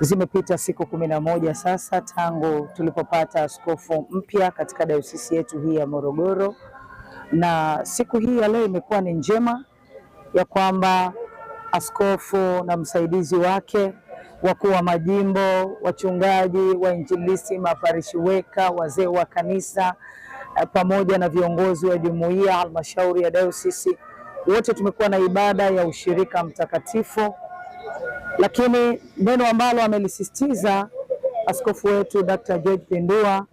Zimepita siku kumi na moja sasa tangu tulipopata askofu mpya katika dayosisi yetu hii ya Morogoro, na siku hii ya leo imekuwa ni njema ya kwamba askofu na msaidizi wake, wakuu wa majimbo, wachungaji, wainjilisti, maparishi weka, wazee wa kanisa pamoja na viongozi wa jumuiya, halmashauri ya dayosisi, wote tumekuwa na ibada ya ushirika mtakatifu lakini neno ambalo amelisisitiza askofu wetu Dr. George Pendua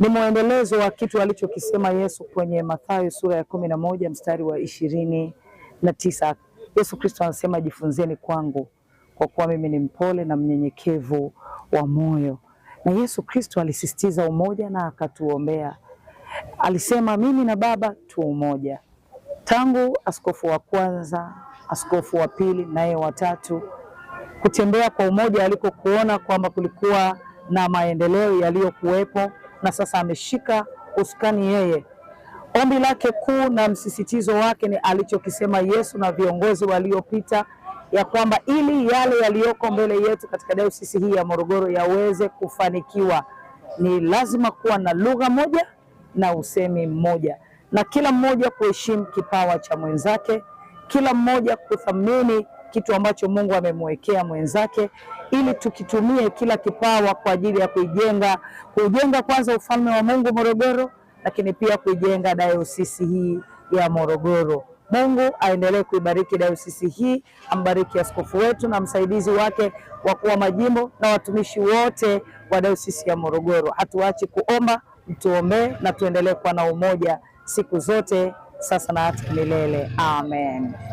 ni mwendelezo wa kitu alichokisema Yesu kwenye Mathayo sura ya kumi na moja mstari wa ishirini na tisa. Yesu Kristo anasema jifunzeni kwangu kwa kuwa mimi ni mpole na mnyenyekevu wa moyo. Na Yesu Kristo alisisitiza umoja na akatuombea, alisema mimi na Baba tu umoja. Tangu askofu wa kwanza, askofu wa pili, naye watatu kutembea kwa umoja alikokuona kwamba kulikuwa na maendeleo yaliyokuwepo, na sasa ameshika usukani yeye. Ombi lake kuu na msisitizo wake ni alichokisema Yesu na viongozi waliopita ya kwamba ili yale yaliyoko mbele yetu katika dayosisi hii ya Morogoro yaweze kufanikiwa ni lazima kuwa na lugha moja na usemi mmoja, na kila mmoja kuheshimu kipawa cha mwenzake, kila mmoja kuthamini kitu ambacho Mungu amemwekea mwenzake, ili tukitumie kila kipawa kwa ajili ya kuijenga kujenga kwanza ufalme wa Mungu Morogoro, lakini pia kuijenga dayosisi hii ya Morogoro. Mungu aendelee kuibariki dayosisi hii, ambariki askofu wetu na msaidizi wake, wa kuwa majimbo na watumishi wote wa dayosisi ya Morogoro. Hatuachi kuomba, mtuombee na tuendelee kuwa na umoja siku zote sasa na hata milele. Amen.